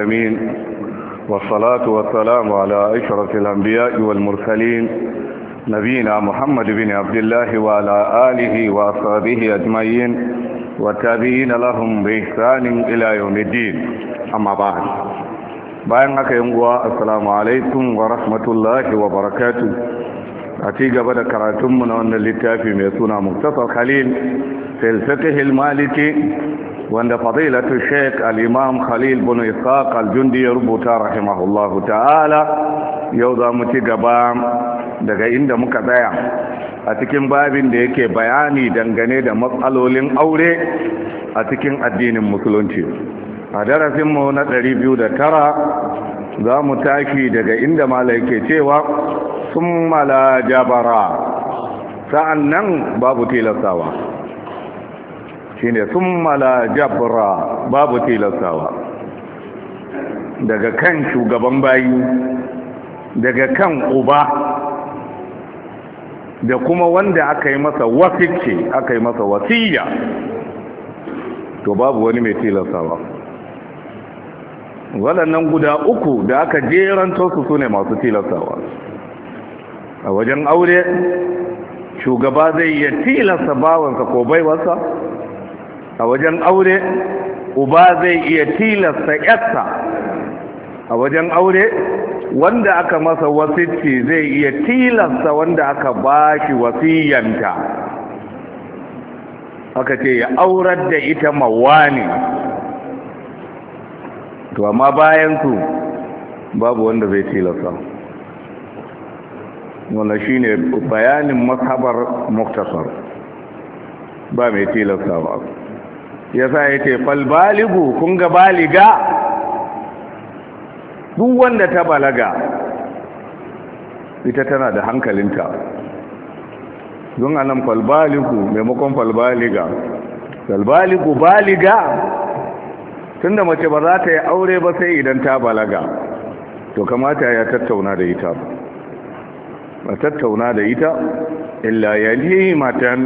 أمين والصلاة والسلام على أشرف الأنبياء والمرسلين نبينا محمد بن عبد الله وعلى آله وأصحابه أجمعين وتابعين لهم بإحسان إلى يوم الدين أما بعد بأنك haka السلام عليكم ورحمة الله وبركاته a ci gaba da karatunmu na wannan littafi mai suna muktasar khalil filfatihil maliki wanda fadilatu sheik al-imam khalil bin ishaq al-jundi ya rubuta rahimahullahu ta'ala yau za mu ci gaba daga inda muka tsaya a cikin babin da yake bayani dangane da matsalolin aure a cikin addinin musulunci a darasinmu na 209 za mu tashi daga inda mala yake cewa sun mala jabara sa'an nan babu tilastawa shi ne sun mala jabara babu tilastawa daga kan shugaban bayi daga kan uba da kuma wanda aka yi masa wasikci aka yi masa wasiya to babu wani mai tilastawa waɗannan guda uku da aka jeranto su su ne masu tilastawa a wajen aure shugaba zai iya tilasta bawansa ko baiwarsa a wajen aure uba zai iya tilasta yarsa a wajen aure wanda aka masa wasicci zai iya tilasta wanda aka bashi wasiyanta aka ce ya aurar da ita mawani to amma bayan su babu wanda zai tilasta wanda shi ne bayanin mashabar muktasar ba mai tilasta ba. ya sa ya ce falbaligu kun ga baliga duk wanda ta balaga ita tana da hankalinta don anan falbaligu maimakon falbaliga falbaligu baliga tunda mace ba za ta yi aure ba sai idan ta balaga to kamata ya tattauna da ita ba a tattauna da ita illa yalimatan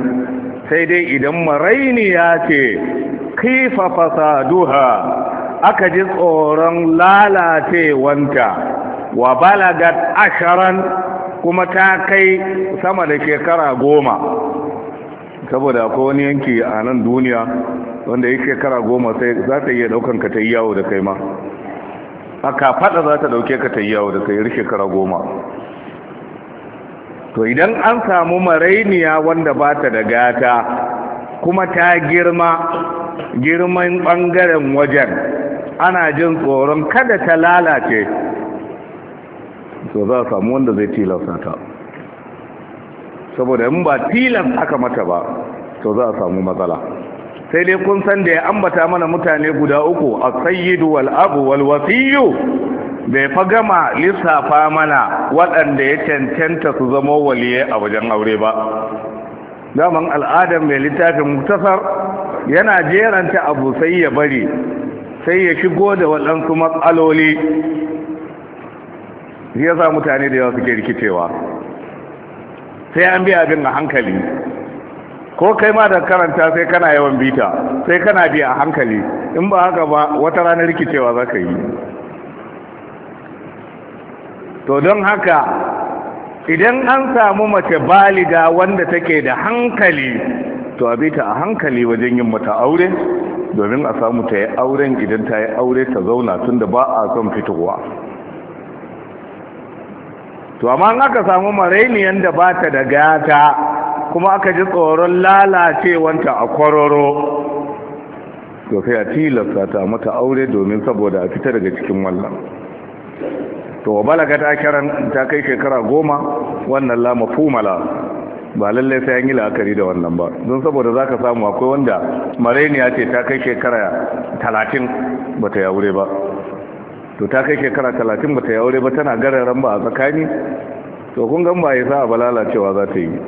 sai dai idan Maraini ya ce kifa fasaduha aka ji tsoron lalacewanta wa balagat asharan kuma ta kai sama da shekara goma saboda akwai wani yanki a nan duniya wanda ya shekara goma sai za ta iya daukan ka ta yi yawo da kai ma a kafaɗa za ta dauke ka ta yi yawo da kai shekara goma to idan an samu marainiya wanda ba ta da gata kuma ta girma girman ɓangaren wajen ana jin tsoron kada ta lalace to za a samu wanda zai tilasta ta saboda yin ba tilas aka mata ba to za a samu matsala sai dai kun san da ya ambata mana mutane guda uku a sayyidu wal abu bai fa gama lissafa mana waɗanda ya cancanta su zama waliyai a wajen aure ba daman al'adar mai littafin muktasar yana jeranta abu sai ya bari sai ya shigo da waɗansu matsaloli ya sa mutane da yawa suke rikicewa sai an biya abin a hankali ko kai ma da karanta sai kana yawan bita sai kana biya a hankali in ba haka ba wata ranar rikicewa za ka yi to don haka idan an samu mace baliga wanda take da hankali to a ta a hankali wajen yin mata aure domin a samu ta yi auren idan ta yi aure ta zauna tunda ba a son fitowa to amma aka samu marainiyan da ba ta da gata kuma aka ji tsoron lalacewanta a kwaroro to sai a tilasta ta mata aure domin saboda a fita daga cikin wannan to balaga ta kiran ta kai shekara goma wannan la fumala ba lallai sai an yi la'akari da wannan ba don saboda za ka samu akwai wanda mareniya ce ta kai shekara talatin ba ta yaure ba to ta kai shekara talatin ba ta yaure ba tana gararan ba a tsakani to kun gan ba ya sa a balala cewa za ta yi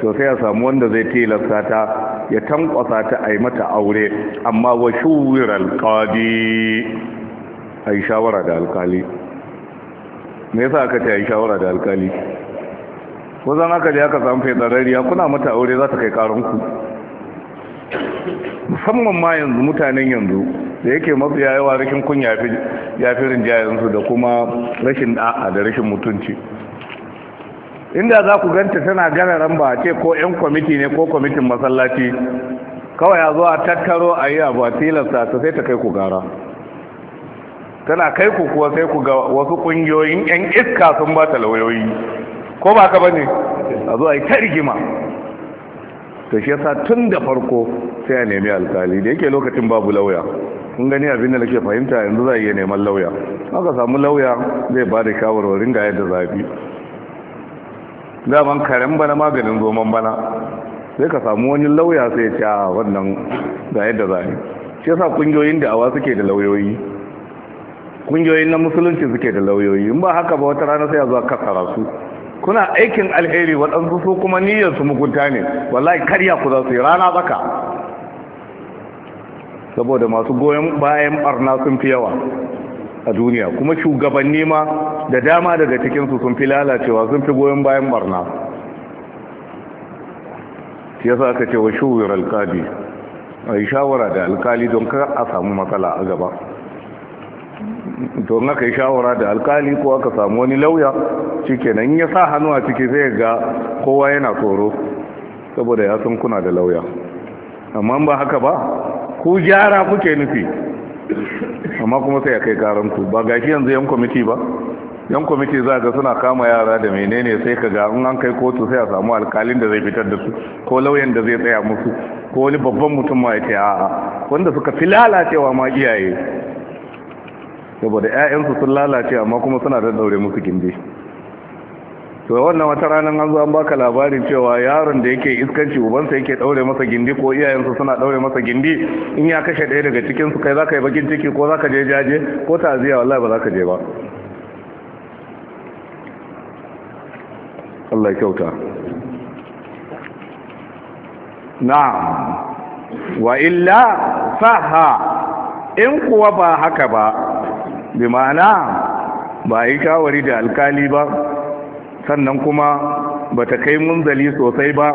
so sai ya samu wanda zai tilasta ta ya tankwasa ta a yi mata aure amma wa shuwirar alkali a yi shawara da alkali me yasa aka ta yi shawara da alkali ko zan aka je aka samu fetsarariya kuna mata aure za ta kai karanku musamman ma yanzu mutanen yanzu da yake mafi yawa rashin kun fi rinjayensu da kuma rashin da'a da rashin mutunci inda za ku ganta tana ran ba ce ko 'yan kwamiti ne ko kwamitin masallaci kawai a zo a tattaro a yi abu a tilasta ta sai ta kai ku gara tana kai ku kuwa sai ku ga wasu kungiyoyin yan iska sun ba ta lauyoyi ko ba ka bane a zo a yi ta rigima Ta shi yasa tun da farko sai a nemi alkali da yake lokacin babu lauya kun gani abin da nake fahimta yanzu za a iya neman lauya aka samu lauya zai ba da shawarwarin ga yadda zafi daman karen bana maganin zoman bana sai ka samu wani lauya sai ya ce a ah, wannan ga yadda zafi shi yasa kungiyoyin da awa suke da lauyoyi kungiyoyin na musulunci suke da lauyoyi in ba haka ba wata rana sai a zuwa kasara su kuna aikin alheri waɗansu su kuma niyyar su mugunta ne wallahi karya ku za su yi rana tsaka saboda masu goyon bayan barna sun fi yawa a duniya kuma shugabanni ma da dama daga cikinsu sun fi lalacewa sun fi goyon bayan barna Ya sa aka ce wa shuwar alkali a yi shawara da alkali don kar a samu matsala a gaba to in aka shawara da alkali ko aka samu wani lauya shikenan ya sa hannu a ciki zai ga kowa yana tsoro saboda ya san kuna da lauya amma ba haka ba ku gyara kuke nufi amma kuma sai ya kai karanku ba gashi yanzu yan kwamiti ba yan kwamiti za ga suna kama yara da menene sai ka ga an kai kotu sai a samu alkalin da zai fitar da su ko lauyan da zai tsaya musu ko wani babban mutum ma ya ce a'a wanda suka fi lalacewa ma iyaye saboda 'ya'yansu sun lalace amma kuma suna da daure musu gindi to wannan wata ranar an zo an baka labarin cewa yaron da yake iskanci ubansa yake daure masa gindi ko iyayensa suna daure masa gindi in ya kashe ɗaya daga cikin su kai zaka yi bakin ciki ko zaka je jaje ko ta'aziya wallahi ba zaka je ba Allah kyauta na'am wa illa ha in kuwa ba haka ba bi ma'ana ba yi shawari da alkali ba sannan kuma ba ta kai munzali sosai ba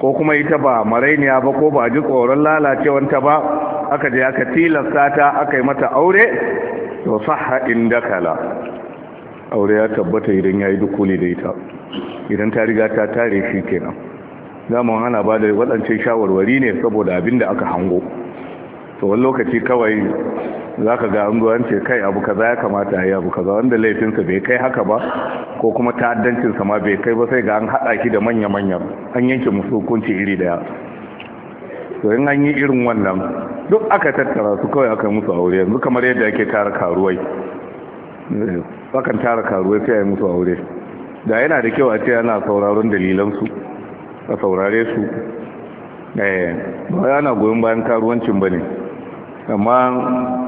ko kuma ita ba marainiya ba ko ba ji tsoron lalacewanta ba aka je aka tilasta ta aka yi mata aure to inda kala aure ya tabbata idan yayi dukuli da ita idan ta riga ta tare shi kenan zamu hana ba da waɗancan shawarwari ne saboda abin da aka hango to wani lokaci kawai za ka ga an ce kai abu kaza ya kamata ya abu kaza wanda laifinsa bai kai haka ba ko kuma ta'addancinsa ma bai kai ba sai ga an haɗa ki da manya-manya an yanke musu hukunci iri daya to in an yi irin wannan duk aka tattara su kawai aka musu aure yanzu kamar yadda ake tara karuwai eh, akan tara karuwai sai a yi musu aure da yana da kyau a ce ana sauraron dalilansu a saurare su eh, ba yana goyon bayan karuwancin ba ne amma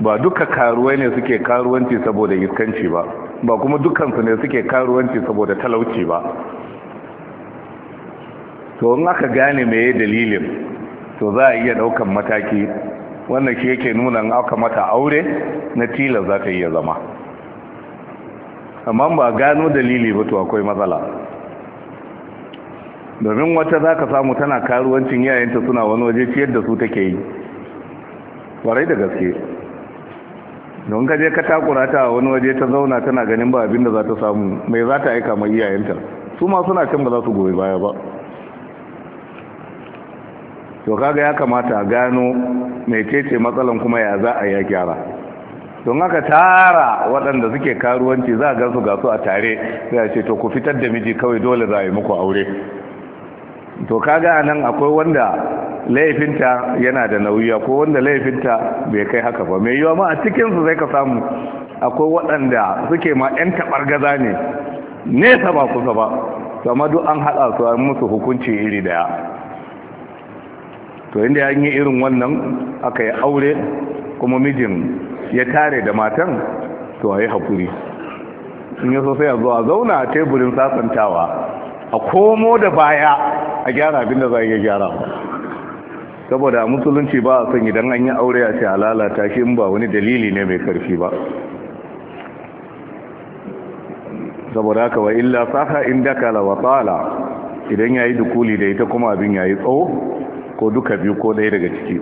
ba duka karuwai ne suke karuwanci saboda iskanci ba ba kuma dukansu ne suke karuwanci saboda talauci ba to in aka gane ya dalilin to za a iya daukan mataki wannan shi yake nuna aka mata aure na tilas za ta iya zama amma ba gano dalili ba to akwai matsala domin wata za ka samu tana karuwancin yayinta suna wani waje ciyar da su take yi kwarai da gaske don ka je ka takura ta wani waje ta zauna tana ganin ba abinda da za ta samu mai za ta aika mai iyayenta su ma suna can ba za su goyi baya ba to kaga ya kamata a gano cece matsalan kuma ya za a ya gyara don haka tara waɗanda suke karuwanci za a gansu gasu a tare sai a ce to ku fitar da miji kawai dole za a yi muku aure to kaga anan akwai wanda laifinta yana da nauyi ko wanda laifinta bai kai haka ba mai yiwa ma a cikin su zai ka samu akwai waɗanda suke ma yan gaza ne nesa ba kusa ba to amma duk an haɗa su an musu hukunci iri daya to inda an yi irin wannan aka yi aure kuma mijin ya tare da matan to a yi haƙuri in yi sai a zuwa zauna a teburin sasantawa a komo da baya a gyara abinda za a iya gyara saboda musulunci ba a son idan an yi aure a ce a lalata shi in ba wani dalili ne mai karfi ba saboda haka wa illa saka in dakala wa tsala idan yayi dukuli da ita kuma abin ya yi tsawo ko duka biyu ko ɗaya daga ciki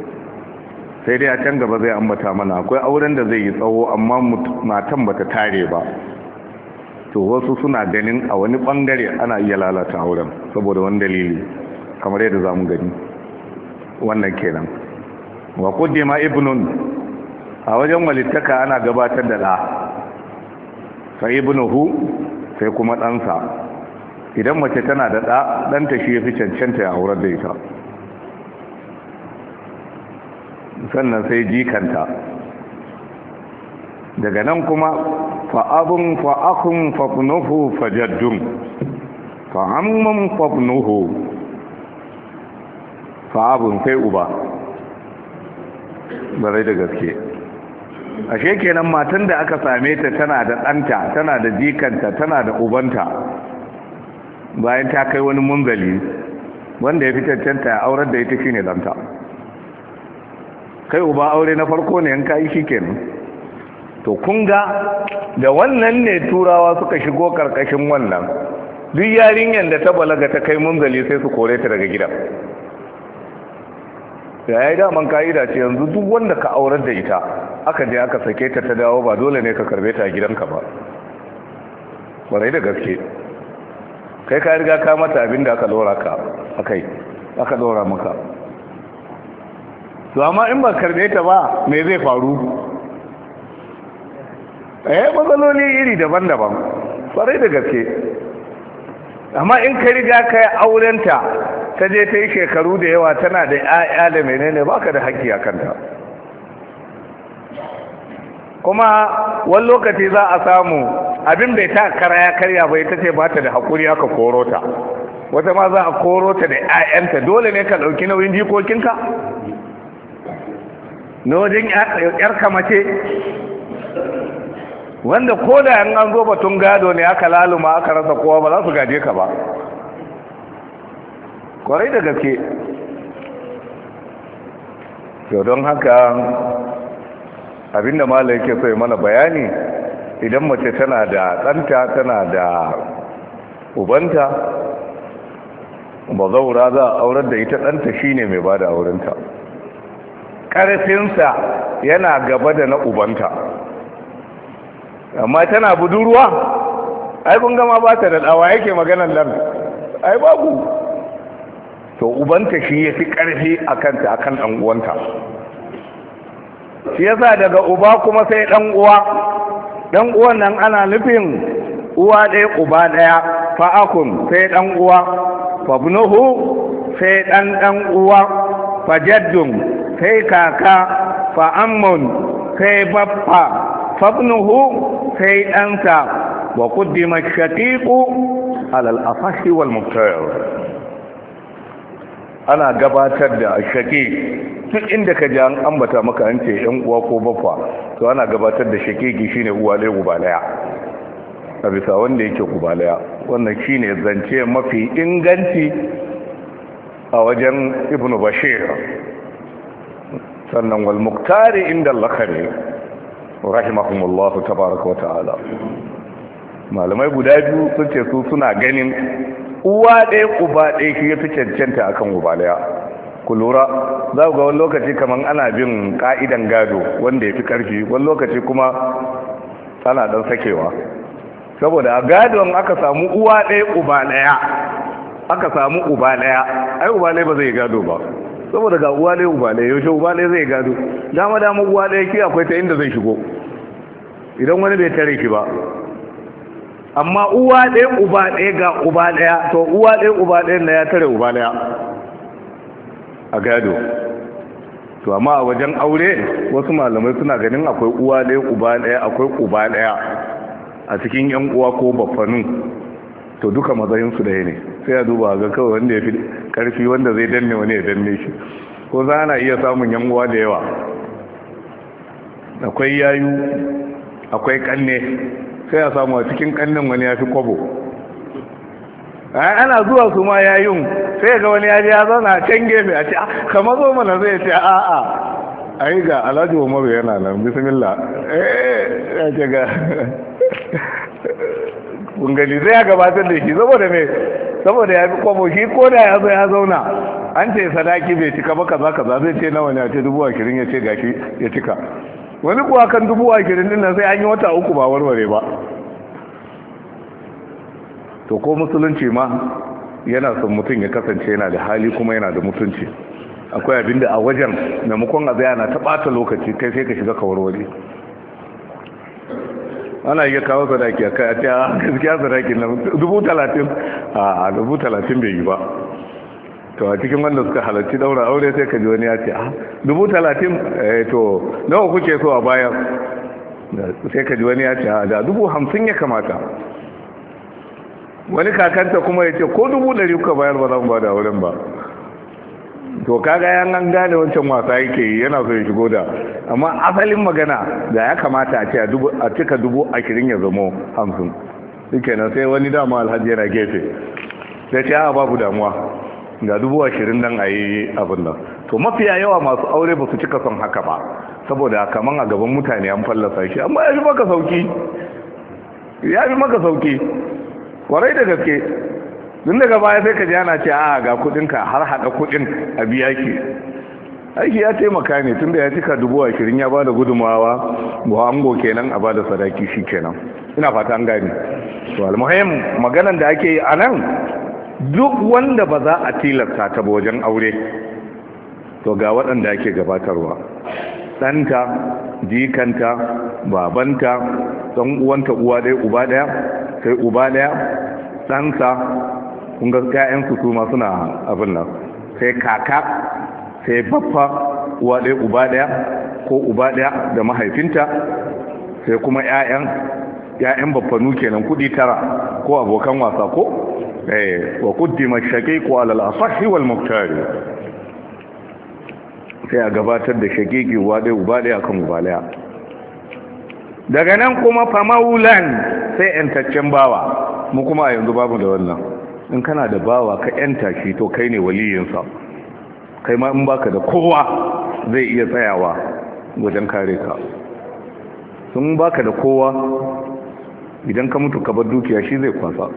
sai dai a can gaba zai ambata mana akwai auren da zai yi tsawo amma matan bata tare ba to wasu suna ganin a wani bangare ana iya lalata auren saboda wani dalili kamar yadda za mu gani wannan kenan wa kuddima ibnun a wajen walittaka ana gabatar da ɗa fa ibnuhu sai kuma ɗansa idan mace tana da ɗa ɗanta shi ya fi cancanta ya aurar da ita sannan sai jikanta daga nan kuma فأب Fa'akun فابنه فجد فعم فابنه fa'abin sai uba ba da gaske ashe kenan matan da aka same ta tana da ɗanta tana da jikanta tana da ubanta bayan ta kai wani munzali wanda ya fi cancanta ya aurar da ita shine ɗanta kai uba aure na farko ne yanka yi shi kenan to kun ga da wannan ne turawa suka shigo karkashin wannan duk yarinyar da ta balaga ta kai munzali sai su kore ta daga gida da ya yi daman ka'ida ce yanzu duk wanda ka aurar da ita aka je aka sake ta ta dawo ba dole ne ka karbe ta a gidanka ba barai da gaske kai ka riga ka mata abin da aka lura ka akai aka lura maka to amma in ba karbe ta ba me zai faru eh matsaloli iri daban-daban kwarai da gaske amma in ka riga ka yi aurenta ta je ta yi shekaru da yawa tana da 'ya'ya da menene ka da haƙƙi a kanta kuma wani lokaci za a samu abin bai ta kara ya karya bai ta ce ba ta da haƙuri aka koro ta wata ma za a koro ta da 'ya'yanta dole ne ka ɗauki nauyin jikokinka na wajen 'yarka mace wanda ko da yan an zo batun gado ne aka laluma aka rasa kowa ba za su gaje ka ba kwarai da gaske yau don haka abinda mala yake so mana bayani idan mace tana da ɗanta tana da ubanta ba zaura za a aurar da ita ɗanta shine mai ba da aurenta ƙarfinsa yana gaba da na ubanta amma tana budurwa ai kun gama ba ta da dawa yake maganar nan ai babu to ubanta shi ya fi ƙarfi a kanta a kan ɗan'uwanta shi yasa daga uba kuma sai ɗan'uwa ɗan'uwan nan ana nufin uwa ɗaya uba ɗaya fa'akun sai ɗan'uwa fabnuhu sai ɗan ɗan'uwa fajaddun sai kaka fa'ammun sai baffa fabnuhu Sai ɗansa wa kuddima shaqiqu alal afashi wal mubtar ana gabatar da shaki. Tun inda ka ji an ambata maka an ce ɗan uwa ko bafa, to ana gabatar da shaqiqi shine uwa ne gubalaya a bisa wanda yake gubalaya wannan shi ne zance mafi inganci a wajen ibnu bashir sannan wal muktari inda lakari rahimahumullahu tabaraka wata'ala malamai guda biyu sun ce su suna ganin uwa ɗaya uba ɗaya shi ya fi cancanta a kan ubalaya ku lura za ku ga wani lokaci kamar ana bin ka'idan gado wanda ya fi ƙarfi wani lokaci kuma ana ɗan sakewa saboda a gadon aka samu uwa ɗaya uba ɗaya aka samu uba ɗaya ai uba ɗaya ba zai gado ba saboda ga uwa ɗaya uba ɗaya yaushe uba ɗaya zai gado dama dama uwa ɗaya ki akwai ta inda zai shigo idan wani bai tare ki ba amma uwa ɗaya uba ɗaya ga uba ɗaya to uwa ɗaya uba ɗaya na ya tare uba ɗaya a gado to amma a wajen aure wasu malamai suna ganin akwai uwa ɗaya uba ɗaya akwai uba ɗaya a cikin yan uwa ko baffanu to duka matsayinsu ɗaya ne sai a duba ga kawai wanda ya fi ƙarfi wanda zai danne wani ya danne shi ko za ana iya samun yanguwa da yawa akwai yayu akwai kanne sai a samu a cikin kannen wani ya fi kwabo ana zuwa su ma yayun sai ga wani ya ya zana a can gefe a ce ah, kama zo mana zai ce a a yi ga alhaji umaru yana nan bismillah eh ya ce ga kun zai ya gabatar da shi saboda me saboda ya fi kwamo shi ko da ya ya zauna an ce sadaki bai cika ba kaza kaza zai ce nawa ne a ce dubu ashirin ya ce gashi ya cika wani kuwa kan dubu ashirin din nan sai an yi wata uku ba warware ba to ko musulunci ma yana son mutum ya kasance yana da hali kuma yana da mutunci akwai abinda a wajen maimakon a zai ana ta ɓata lokaci kai sai ka shiga ka warware ana iya kawo sadaki a kai a ce a ah, gaskiya sadaki na dubu talatin a dubu talatin bai yi ba to a cikin wanda suka halarci daura aure sai ka ji wani ya ce a ah, dubu talatin eh, to nawa kuke so a bayan sai ka ji wani ya ce a ah, da dubu hamsin ya kamata wani kakanta kuma ya ce ko dubu ɗari kuka bayar ba za mu ba da auren ba to kaga yan an gane wancan wasa yake yana so ya shigo da amma asalin magana da ya kamata a ce a cika dubu ashirin ya zamo hamsin suke nan sai wani dama alhaji yana gefe da ce a babu damuwa ga dubu ashirin nan a yi abin nan to mafiya yawa masu aure ba su cika son haka ba saboda kamar a gaban mutane an fallasa shi amma ya fi maka sauki ya maka sauki kwarai da gaske dun daga baya sai ka ji ana ce a ga kudinka har haɗa kudin a biya ki aiki ya taimaka ne tunda ya cika dubu ashirin ya bada gudumawa ba ango kenan a bada sadaki shi kenan ina fata an gani to almuhim maganan da ake yi anan. duk wanda ba za a tilasta ta wajen aure to ga waɗanda ake gabatarwa ɗanta jikanta babanta ɗan uwanta uwa ɗaya uba ɗaya sai uba ɗaya ɗansa kun ga ƴaƴansu su masu suna abin nan sai kaka sai baffa uwa ɗaya uba ɗaya ko uba ɗaya da mahaifinta sai kuma ƴaƴan ƴaƴan baffanu kenan kuɗi tara ko abokan wasa ko eh wa qaddima shaqiq ala al-asahi wal muqtar sai a gabatar da shaqiqi uwa ɗaya uba ɗaya kan uba ɗaya daga nan kuma famaulan sai entaccen bawa mu kuma a yanzu babu da wannan in kana da bawa ka yanta shi to kai ne waliyinsa kai ma in baka da kowa zai iya tsayawa wajen kare ka sun baka da kowa idan ka mutu ka bar dukiya shi zai kwasa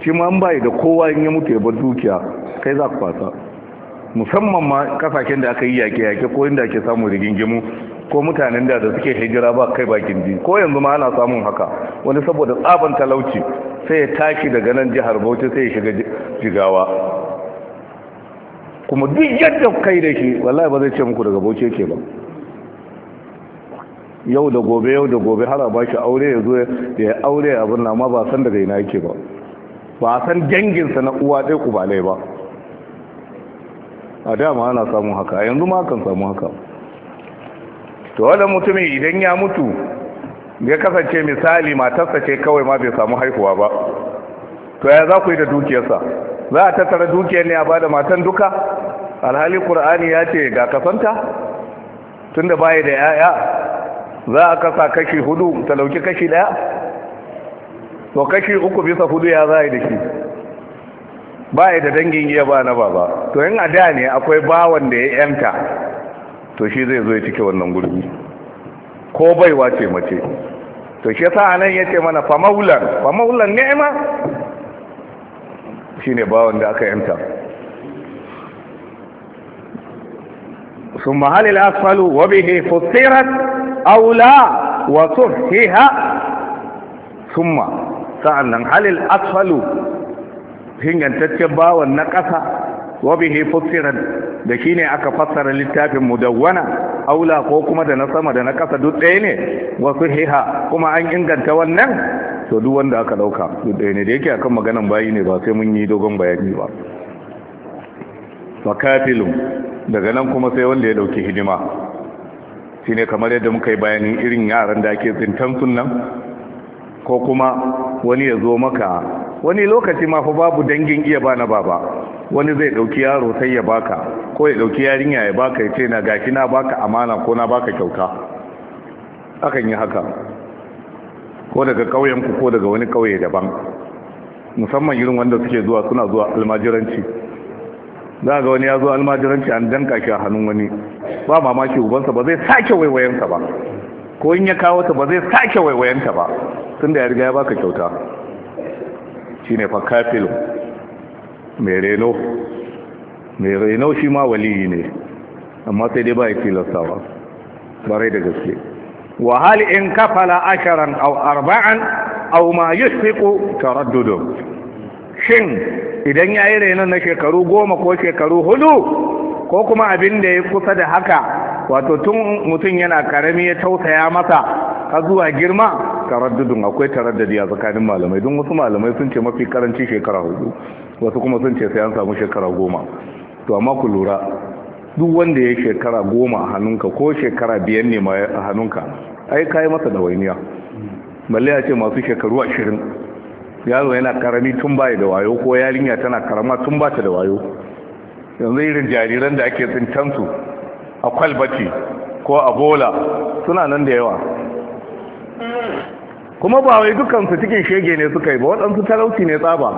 shi ma in bai da kowa in ya mutu ya bar dukiya kai za kwasa musamman ma kasashen da aka yi yaƙe-yaƙe ko inda ake samun rigingimu ko mutanen da da suke hijira ba kai bakin ji ko yanzu ma ana samun haka wani saboda tsaban talauci sai ya tashi daga nan jihar bauchi sai ya shiga jigawa kuma duk yadda kai da shi wallahi ba zai ce muku daga bauchi yake ba yau da gobe yau da gobe har a ba shi aure ya zo ya yi aure abin na ma ba san daga ina yake ba ba san danginsa na uwa ɗaya kubalai ba a dama ana samun haka yanzu ma kan samu haka to wannan mutumin idan ya mutu ya kasance misali matarsa ce kawai ma bai samu haihuwa ba to ya za ku yi da dukiyarsa za a tattara dukiyar ne a bada matan duka alhali qur'ani ya ce ga kasanta tunda baya da yaya za a kasa kashi hudu talauki kashi daya to kashi uku bisa hudu ya za a yi da shi baya da dangin iya ba na baba to in a da ne akwai bawan da ya yanta to shi zai zo ya cike wannan gurbi ko baiwa ce mace to shi yasa anan yace mana fa maulan fa maulan ni'ma shine bawan da aka yanta ثم هل الأسفل وبه فطرت أو لا وصحها ثم sa'annan halil asfalu hingantaccen bawan na ƙasa wa bihi da shi ne aka fassara littafin mudawwana aula ko kuma da na sama da na ƙasa duk ɗaya ne wasu hiha kuma an inganta wannan to duk wanda aka ɗauka duk ɗaya ne da yake akan maganan bayi ne ba sai mun yi dogon bayani ba makafilun daga nan kuma sai wanda ya ɗauki hidima shi ne kamar yadda muka yi bayani irin yaran da ake tsintan sunan ko kuma wani ya zo maka wani lokaci ma fa babu dangin iya ba na baba wani zai dauki yaro sai ya baka ko ya dauki yarinya ya baka ya ce na gashi na baka amana ko na baka kyauta akan yi haka ko daga kauyen ku ko daga wani kauye daban musamman irin wanda suke zuwa suna zuwa almajiranci za ga wani ya zo almajiranci an danka shi a hannun wani ba mamaki ubansa ba zai sake waiwayensa ba ko in ya kawo ta ba zai sake waiwayenta ba tunda ya riga ya baka kyauta shine fa kafilu mai reno mai reno shi ma waliyi ne amma sai dai ba ya tilastawa barai da gaske wa in kafala asharan aw arba'an aw ma yusfiqu taraddudu shin idan yayi renon na shekaru goma ko shekaru hudu ko kuma abin da ya kusa da haka wato tun mutum yana karami ya tausaya masa har zuwa girma taraddudun akwai taraddadi a tsakanin malamai don wasu malamai sun ce mafi karanci shekara hudu wasu kuma sun ce sai an samu shekara goma to amma ku lura duk wanda ya shekara goma a hannunka ko shekara biyan ne ma a hannunka ai kayi masa dawainiya balle ya ce masu shekaru ashirin yaro yana karami tun baya da wayo ko yarinya tana karama tun ba ta da wayo yanzu irin jariran da ake tsintansu a kwalbati ko a bola suna nan da yawa kuma ba wai dukansu cikin shege ne suka yi ba waɗansu talauci ne tsaba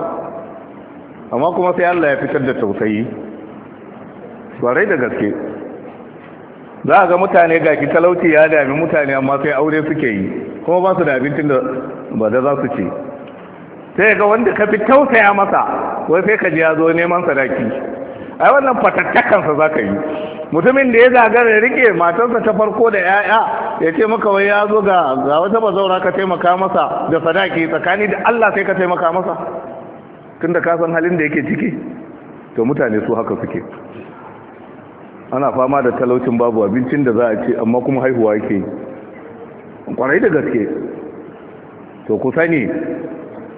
amma kuma sai Allah ya fitar da tausayi barai da gaske za a ga mutane ga ki talauci ya dami mutane amma sai aure suke yi kuma ba su da abincin da ba da za su ce sai ga wanda ka fi tausaya masa wai sai ka ji ya zo neman sadaki ai wannan fatattakansa za ka yi mutumin da ya zagara ya rike matarsa ta farko da ya'ya ya ce maka wai ya zo ga ga wata bazaura ka taimaka masa da sadaki tsakani da Allah sai ka taimaka masa tunda ka san halin da yake ciki to mutane su haka suke ana fama da talaucin babu abincin da za a ce amma kuma haihuwa yake kwarai da gaske to ku sani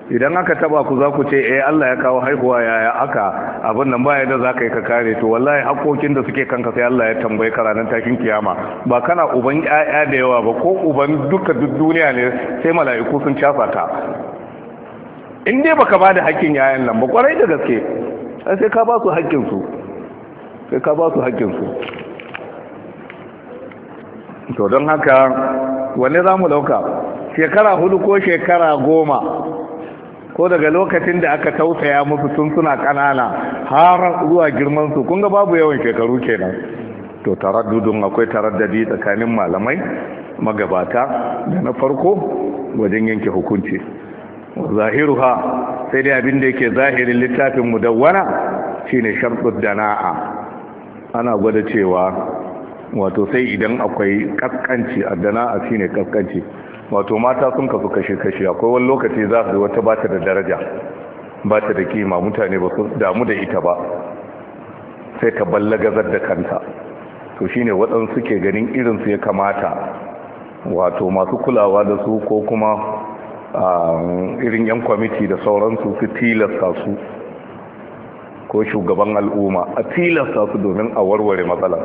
idan aka taba ku za ku ce eh Allah ya kawo haihuwa yaya aka abin nan baya da za ka yi ka kare to wallahi hakokin da suke kanka sai Allah ya tambaye ka ranar takin kiyama ba kana uban ƴaƴa da yawa ba ko uban duka duk duniya ne sai mala'iku sun casa ka in dai baka ba da hakkin yayan nan ba kwarai da gaske sai ka ba su hakkin su sai ka ba su hakkin su to don haka wanne za mu dauka shekara hudu ko shekara goma ko daga lokacin da aka tausaya musu tun suna kanana har zuwa girman su kun ga babu yawan shekaru kenan to taraddudun akwai taraddadi tsakanin malamai magabata da na farko wajen yanke hukunci zahiruha sai dai abin da yake zahirin littafin mudawwana shine shartud dana'a ana gwada cewa wato sai idan akwai kaskanci addana'a shine kaskanci wato mata sun kasu kashe-kashe akwai wani lokaci za su wata ba ta da daraja ba ta da kima mutane ba su damu da ita ba sai ta ballagazar da kanta to shine waɗansu suke ganin irinsu ya kamata wato masu kulawa da su ko kuma irin 'yan kwamiti da sauransu su tilasta su ko shugaban al'umma a tilasta su domin a warware matsalar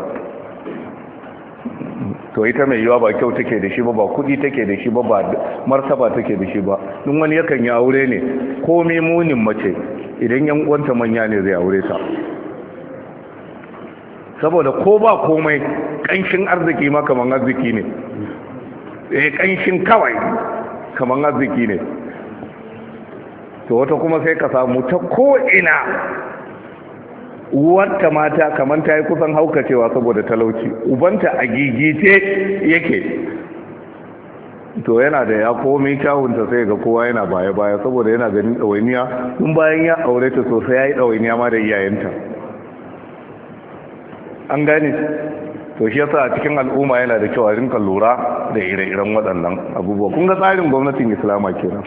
to ita mai yiwa ba kyau take da shi ba ba kudi take da shi ba ba martaba take da shi ba duk wani yakan yi aure ne komai munin mace idan yan uwanta manya ne zai aure ta saboda ko ba komai kanshin arziki ma kaman arziki ne eh kanshin kawai kamar arziki ne to wata kuma sai ka samu ta ko ina wata mata kamar ta yi kusan haukacewa saboda talauci ubanta a gigice yake to yana da ya komi kyawunta sai ga kowa yana baya-baya saboda yana ganin ɗawainiya in bayan ya aure ta sosai ya yi ɗawainiya ma da iyayenta an gane to shi yasa a cikin al'umma yana da kyau a rinka lura da ire-iren waɗannan abubuwa kun ga tsarin gwamnatin islama kenan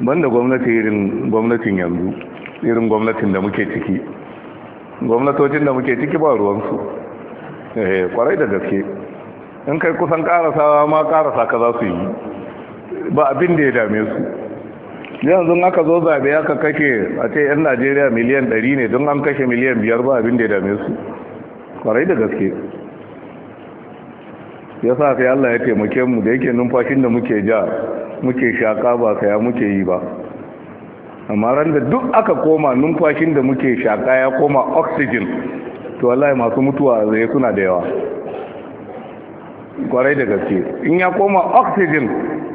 banda gwamnati irin gwamnatin yanzu irin gwamnatin da muke ciki gwamnatocin da muke ciki ba ruwansu ehe kwarai da gaske in kai kusan karasawa ma karasa ka za su yi ba abin da ya dame su yanzu aka zo zabe aka kashe a ce 'yan najeriya miliyan 100 ne don an kashe miliyan 5 ba abin da ya dame su kwarai da gaske ya sa sai allah ya taimake mu da yake numfashin da muke ja muke shaka ba saya muke yi ba amma ran da duk aka koma numfashin da muke shaka ya koma oxygen to wallahi masu mutuwa zai suna da yawa kwarai da gaske in ya koma oxygen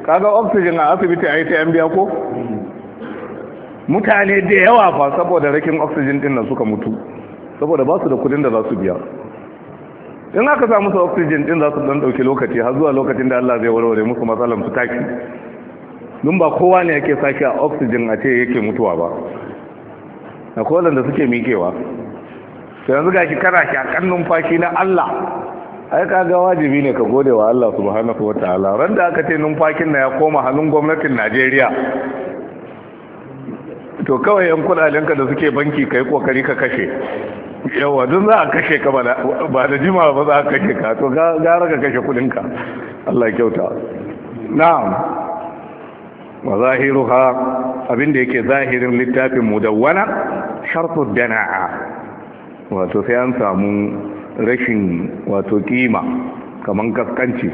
kaga oxygen a asibiti a yi ta yan biya ko mutane da yawa ba saboda rakin oxygen din nan suka mutu saboda ba su da kudin da za su biya in aka sa musu oxygen din za su dan dauki lokaci har zuwa lokacin da Allah zai warware musu matsalar su taki don ba kowa ne yake sake a oxygen a ce yake mutuwa ba na kolan da suke mikewa sai yanzu ga shi a shakan numfashi na Allah ai kaga wajibi ne ka gode wa Allah subhanahu ta'ala. ran da aka ce numfakin na ya koma hannun gwamnatin Najeriya to kawai yan kudalenka da suke banki kai kokari ka kashe yawa duk za a kashe ka ba da jima ba za a kashe ka to gara ka kashe kudinka Allah kyauta na'am wa zahiruha abinda yake zahirin littafin mudawwana shartu dana'a wato sai an samu rashin wato kima kaman kaskanci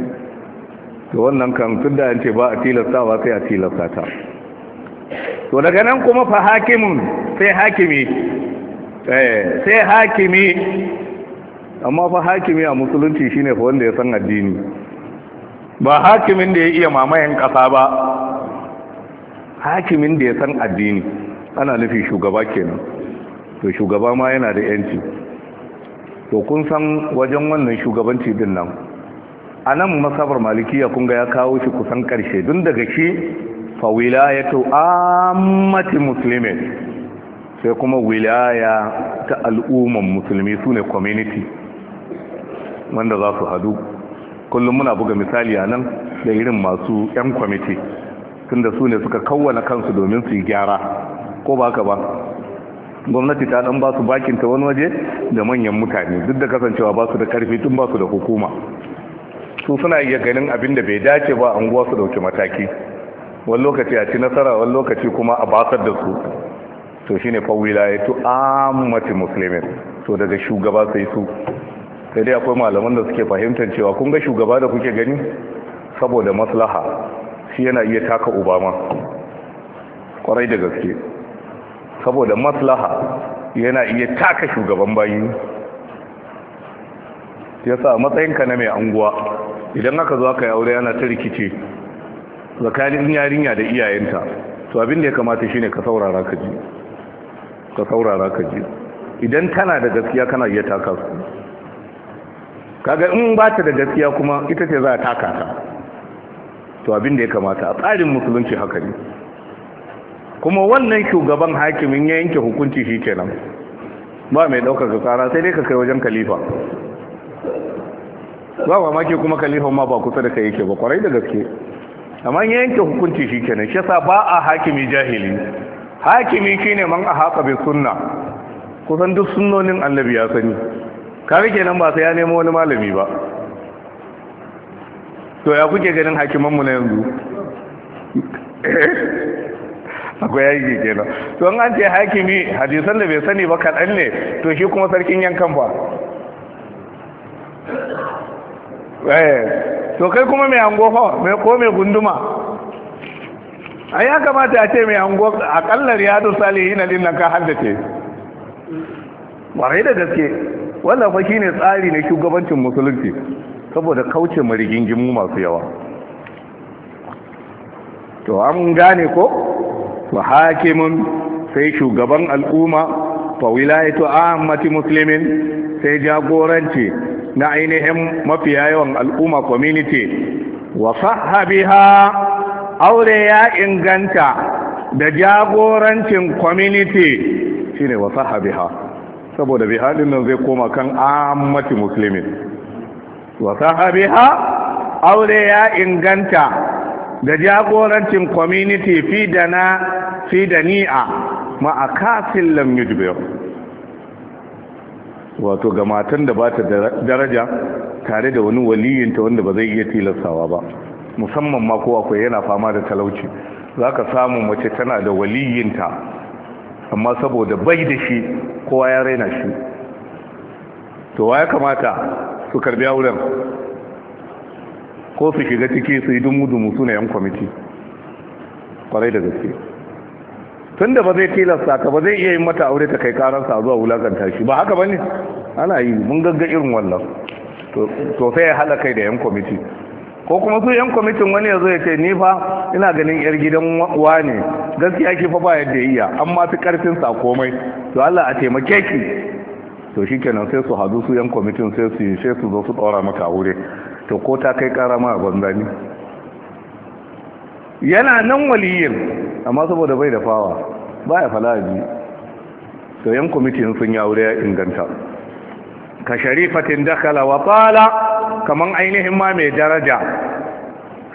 to wannan kan tunda an ce ba a tilasta, ba sai a tilasta ta to daga nan kuma fa hakimun sai hakimi eh sai hakimi amma fa hakimi a musulunci shine fa wanda ya san addini ba hakimin da ya iya mamayen kasa ba hakimin da ya san addini ana nufi shugaba kenan to shugaba ma yana da yanci to kun san wajen wannan shugabanci din nan a nan masabar malikiya kun ga ya kawo shi kusan karshe dun daga shi fa wilayatu ammati muslimin sai kuma wilaya ta al'umman musulmi ne community wanda za su hadu kullum muna buga misali a nan da irin masu 'yan kwamiti tunda su ne suka kawwana kansu domin su yi gyara ko ba ka ba gwamnati ta dan ba su bakin ta wani waje da manyan mutane duk da kasancewa ba su da karfi tun ba su da hukuma su suna iya ganin abin da bai dace ba anguwa su dauki mataki wani lokaci a ci nasara wani lokaci kuma a basar da su to shine fa wilayatu ammati muslimin to daga shugaba sai su sai dai akwai malaman da suke fahimtar cewa kun ga shugaba da kuke gani saboda maslaha shi yana iya taka obama kwarai da gaske saboda maslaha yana iya taka shugaban bayi ya sa matsayinka na mai anguwa idan aka zo aka yi aure yana ta rikice zakarin yarinya da iyayenta to abin da ya kamata shine ka saurara ka ji ka saurara ka ji idan tana da gaskiya kana iya taka su kaga in ba ta da gaskiya kuma ita ce za a taka ta to abin da ya kamata a tsarin musulunci haka ne kuma wannan shugaban hakimin ya yanke hukunci shi kenan ba mai ɗaukaka tsara sai dai ka kai wajen khalifa ba mamaki kuma khalifa ma ba kusa da ka yake ba kwarai da gaske amma ya yanke hukunci shi kenan shi yasa ba a hakimi jahili hakimi shine man a haka bai sunna kusan duk sunnonin annabi ya sani kare kenan ba sai ya nemo wani malami ba to ya kuke ganin hakimanmu na yanzu akwai yaki kenan to an ce hakimi hadisan da bai sani ba kaɗan ne to shi kuma sarkin yankan ba eh, to kai kuma mai hango fa ko mai gunduma a ya kamata a ce mai hango akallar ya du salihin din nan ka haddace ba da gaske wannan fa shine tsari na shugabancin musulunci saboda kauce mu rigingimu masu yawa to an gane ko wa hakimun sai shugaban al'umma fa wilayatu ammati muslimin sai jagoranci na ainihin mafiya yawan al'umma community wa sahabiha aure ya inganta da jagorancin community shine wa sahabiha saboda bihalin nan zai koma kan ammati muslimin wa sahabiha aure ya inganta da jagorancin community fi da na fi da ni'a ma a kafin lam wato ga matan da ba ta daraja tare da wani waliyyinta wanda ba zai iya tilastawa ba musamman ma ko akwai yana fama da talauci za ka samu mace tana da waliyinta amma saboda bai da shi kowa ya raina shi to wa ya kamata su karbi auren ko su shiga ciki su yi dumu-dumu su na yan kwamiti kwarai da gaske tun da ba zai tilasta ka ba zai iya yin mata aure ta kai karansa zuwa wulakanta shi ba haka ba ne ana yi mun gagga irin wannan to sai ya haɗa kai da yan kwamiti ko kuma su yan kwamitin wani ya zo ya ce ni fa ina ganin yar gidan wa ne gaskiya ki fa ba yadda iya an fi karfin sa komai to Allah a taimake ki to shi kenan sai su hadu su yan kwamitin sai su yi sai su zo su tsora maka aure to ko ta kai karama ma a banzani yana nan waliyin amma saboda bai da fawa ba ya falaji to yan kwamitin sun yi aure ya inganta ka sharifatin dakala wa tsala kaman ainihin ma mai daraja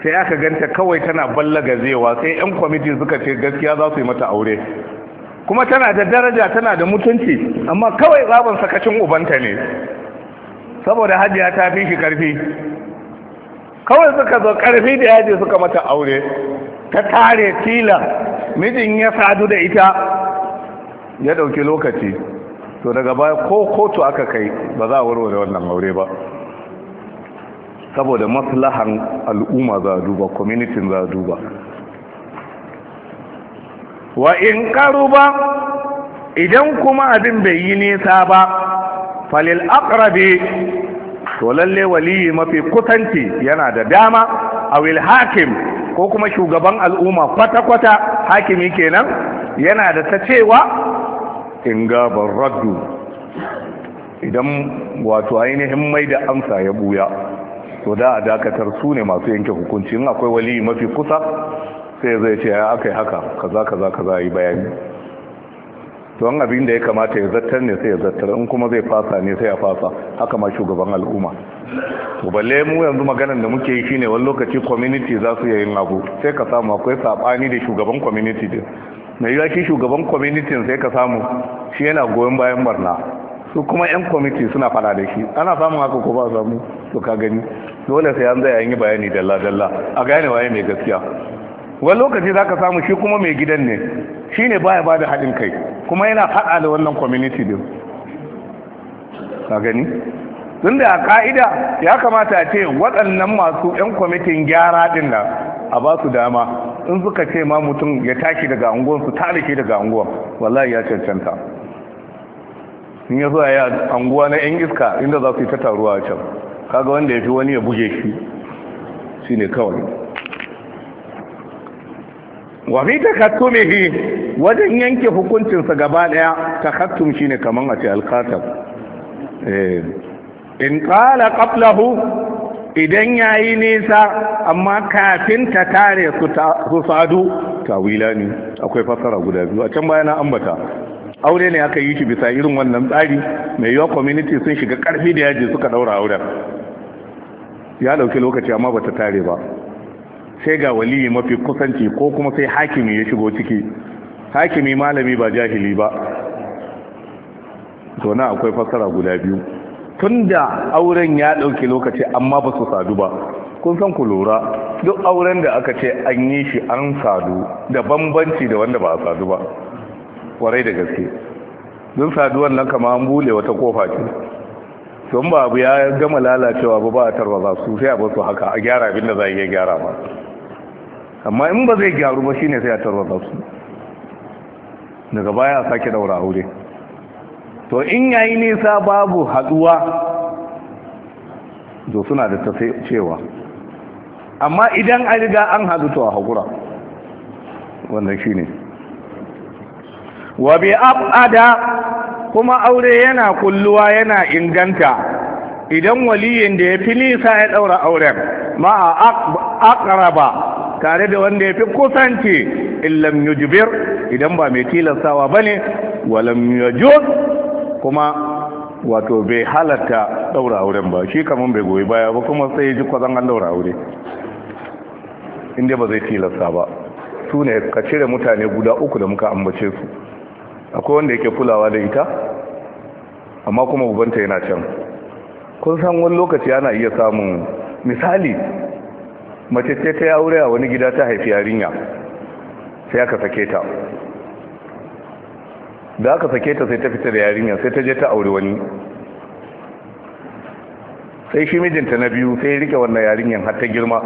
sai aka ganta kawai tana ballaga zewa sai yan kwamitin suka ce gaskiya za su yi mata aure kuma tana da daraja tana da mutunci amma kawai tsaban sakacin ubanta ne saboda hajiya ta fi shi karfi kawai suka zo karfi da yaji suka mata aure ta tare tila mijin ya sadu da ita ya dauki lokaci to daga baya ko kotu aka kai ba za a da wannan aure ba saboda maslahan al'umma za a duba community za a duba wa in karu ba idan kuma abin bai yi nisa ba falil aqrabi to lalle waliyi mafi kusanci yana da dama awil hakim ko kuma shugaban al'umma kwata-kwata hakimi kenan yana da ta cewa in gabar raddu idan wato ainihin mai da amsa ya buya to da a dakatar su ne masu yanke hukunci in akwai waliyi mafi kusa sai zai ce ya aka yi haka kaza kaza kaza yi bayani don abin da ya kamata ya zartar ne sai ya zartar in kuma zai fasa ne sai ya fasa haka ma shugaban al'umma balle mu yanzu maganar da muke yi shine wani lokaci community za su yayin abu sai ka samu akwai sabani da shugaban community din mai yiwa shugaban community sai ka samu shi yana goyon bayan barna su kuma yan committee suna fada da shi ana samun haka ko ba samu to ka gani dole sai an zai yi bayani dalla dalla a gane waye mai gaskiya wani lokaci za ka samu shi kuma mai gidan ne shi ne baya ba da haɗin kai kuma yana faɗa da wannan community din ka gani tun da a ka'ida ya kamata a ce waɗannan masu 'yan kwamitin gyara ɗin nan a ba su dama in suka ce ma mutum ya tashi daga anguwan su tarike daga anguwan wallahi ya cancanta in ya zuwa ya anguwa na 'yan iska inda za su yi ta taruwa a can kaga wanda ya fi wani ya buge shi shi ne kawai wa fi wajen yanke hukuncinsa gaba daya shi shine kamar a ce alkatar eh, in kala qablahu idan ya yi nisa amma kafin ta tare su sadu wila ne akwai fasara guda biyu a can baya na ambata aure ne aka yi shi bisa irin wannan tsari mai yiwa community sun shiga karfi da yaji suka daura auren ya dauki lokaci amma bata tare ba sai ga waliyi mafi kusanci ko kuma sai hakimi ya shigo ciki hakimi malami ba jahili ba to na akwai fassara guda biyu tunda auren ya ɗauki lokaci amma ba su sadu ba kun san ku lura duk auren da aka ce an yi shi an sadu da bambanci da wanda ba a sadu ba kwarai da gaske don saduwan nan kama an bule wata kofa ce don ba ya gama lalacewa ba ba a tarwa za su sai a basu haka a gyara abin za a iya gyara ba amma in ba zai gyaru ba shine sai a tarwatsa su daga baya a sake daura aure to in yayi nisa babu haduwa to suna da ta cewa amma idan an riga an hadu to a hakura wannan shine wa bi abada kuma aure yana kulluwa yana inganta idan waliyin da ya fi nisa ya daura auren ma a aqraba tare da wanda ya fi kusanci illam yujbir idan ba mai tilastawa bane walam yujuz kuma wato bai halarta daura auren ba shi kaman bai goyi baya ba kuma sai ya ji kwazan an daura aure inda ba zai tilasta ba su ne ka cire mutane guda uku da muka ambace su akwai wanda yake kulawa da ita amma kuma ubanta yana can kun san wani lokaci ana iya samun misali mace ce ta aure a wani gida ta haifi yarinya sai aka sake ta da aka sake ta sai ta fita da yarinya sai ta je ta aure wani sai shi mijinta na biyu sai ya rike wannan yarinya har ta girma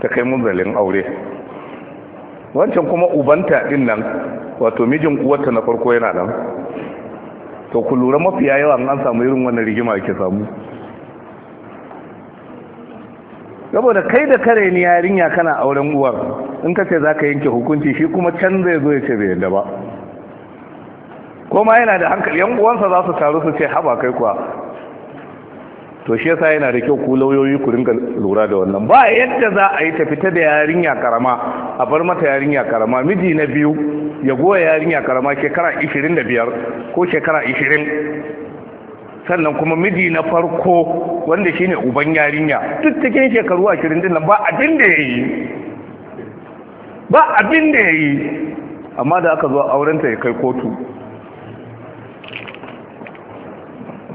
ta kai munzalin aure wancan kuma ubanta din nan wato mijin uwarta na farko yana nan to ku lura mafiya yawan an samu irin wannan rigima ke samu saboda kai da kare ni yarinya kana auren uwar in ka ce za ka yanke hukunci shi kuma can zai zo ya ce bai yadda ba Koma yana da hankali yan uwansa za su taru su ce haba kai kuwa to shi yasa yana da kyau ku lauyoyi ku dinga lura da wannan ba yadda za a yi ta fita da yarinya karama a bar mata yarinya karama miji na biyu ya goya yarinya karama shekara 25 ko shekara 20 sannan kuma miji na farko wanda shine uban yarinya duk cikin shekaru 20 din ba abin da yayi ba abin da yayi amma da aka zo aurenta ya kai kotu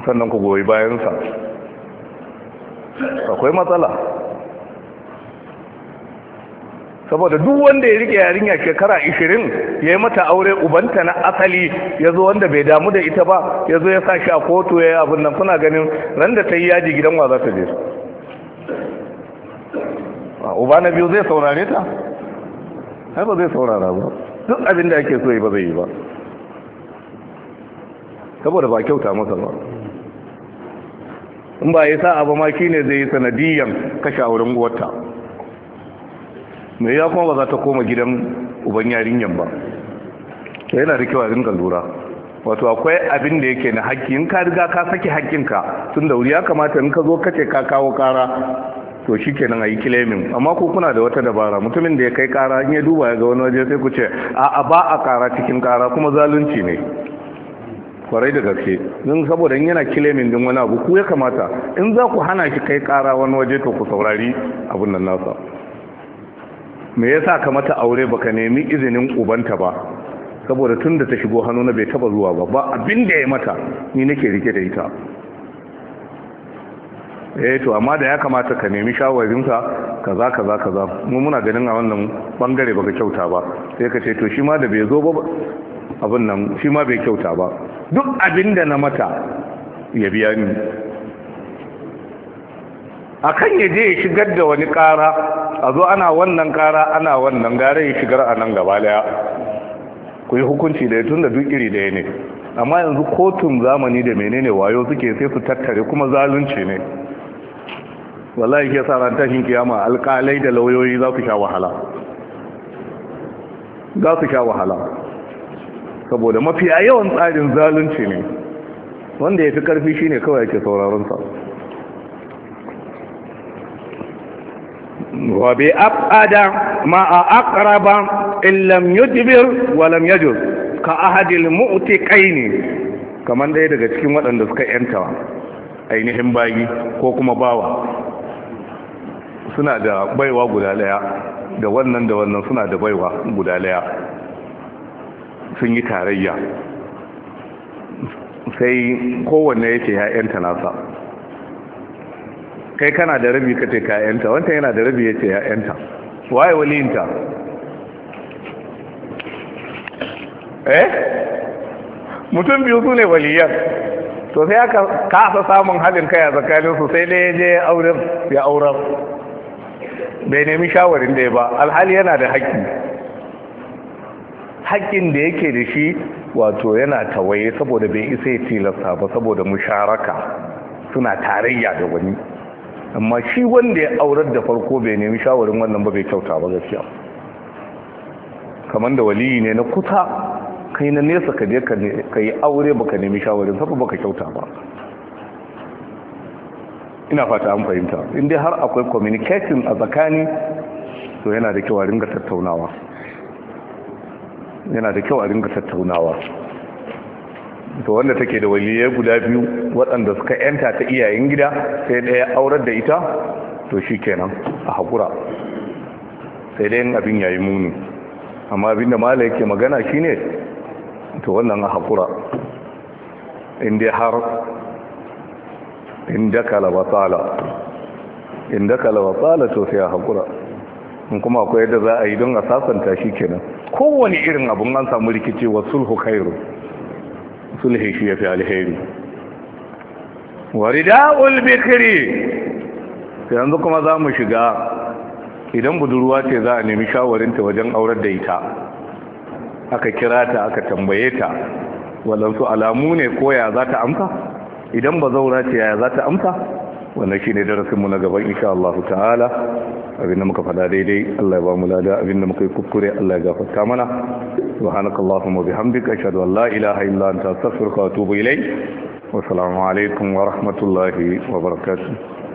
sannan ku goyi bayansa akwai matsala saboda duk wanda ya rike yarinya shekara 20 ya yi mata aure ubanta na asali ya zo wanda bai damu da ita ba ya zo ya sa shi a kotu ya yi abin nan kuna ganin ran da ta yi yaji gidan wa za ta je ah, uba na biyu zai saurare ta har ba zai saurara ba duk abin da ake so yi ba zai yi ba saboda ba kyauta masa ba in ba ya sa abu ma shine zai yi sanadiyan kashe auren uwarta mai ya kuma ba za ta koma gidan uban yarinyan ba to yana da kyau lura wato akwai abin da yake na haƙƙi in ka riga ka saki haƙƙinka tun da wuri ya kamata in ka zo kace ka kawo ƙara to shi kenan a yi kilemin amma ko kuna da wata dabara mutumin da ya kai ƙara in ya duba ya ga wani waje sai ku ce a ba a ƙara cikin ƙara kuma zalunci ne kwarai da gaske don saboda in yana kilemin din wani abu ku ya kamata in za ku hana shi kai ƙara wani waje to ku saurari abin nan nasa me yasa ka mata aure baka nemi izinin ubanta ba saboda tun da ta shigo hannu na bai taba zuwa ba ba abin da ya mata ni nake rike da ita eh to amma da ya kamata ka nemi shawarinsa kaza kaza kaza mu muna ganin a wannan bangare baka kyauta ba sai ka ce to shi ma da bai zo ba abin nan shi ma bai kyauta ba duk abin da na mata ya biya ni akan ya je ya shigar da wani kara a zo ana wannan kara ana wannan gare ya shigar a nan gaba daya ku yi hukunci da tun da duk iri daya ne amma yanzu kotun zamani da menene wayo suke sai su tattare kuma zalunci ne wallahi ke sa ran tashin kiyama alƙalai da lauyoyi za su sha wahala za su sha wahala saboda mafi a yawan tsarin zalunci ne wanda ya fi ƙarfi shine kawai ake sauraron sa wabi abada ma a akraba illam yujbir walam yajuz ka ahadil mu'tiqaini Kamar ɗaya daga cikin waɗanda suka yanta ainihin bayi ko kuma bawa suna da baiwa guda daya da wannan da wannan suna da baiwa guda daya sun yi tarayya sai kowanne yake ya yanta nasa kai kana da rabi ka ce ka yanta yana da rabi ya ce ya'yanta yanta waye waliyinta eh mutum biyu su ne waliyar to sai aka kasa samun halin kai a tsakanin su sai dai je ya auren ya auren bai nemi shawarin da ya ba alhali yana da haƙƙi haƙƙin da yake da shi wato yana tawaye saboda bai isa ya tilasta ba saboda musharaka suna tarayya da wani amma shi wanda ya aurar da farko bai nemi shawarin wannan ba bai kyauta ba gaskiya kamar da waliyi ne na kusa kai na nesa ka je ka yi aure baka nemi shawarin saboda baka kyauta ba ina fata an fahimta in dai har akwai communication a tsakani to yana da kyau a ringa tattaunawa yana da kyau a ringa tattaunawa to wanda take da waliyai guda biyu waɗanda suka yanta ta iyayen gida sai ɗaya aurar da ita to shi kenan a haƙura sai dai abin yayi muni amma abin da mala yake magana shine to wannan a haƙura inda har inda kala batsala inda kala tsala to sai a haƙura in kuma akwai yadda za a yi don a sasanta shi kenan kowane irin abun an samu rikicewa sulhu khairu sulhi shi ya fi alheri warida ulbikiri yanzu kuma za mu shiga idan budurwa ce za a nemi shawarinta wajen aurar da ita aka kira ta aka tambaye ta walansu alamu ne ko ya za ta amsa idan ba zaura ce ya za ta amsa wannan shi ne darasinmu na gaban insha Allah ta'ala abinda muka fada daidai Allah ya ba mu lada abinda muka yi kuskure Allah ya gafarta mana subhanaka allahumma bihamdika ashhadu an la ilaha illa anta astaghfiruka wa atubu ilayk wa assalamu alaikum wa rahmatullahi wa barakatuh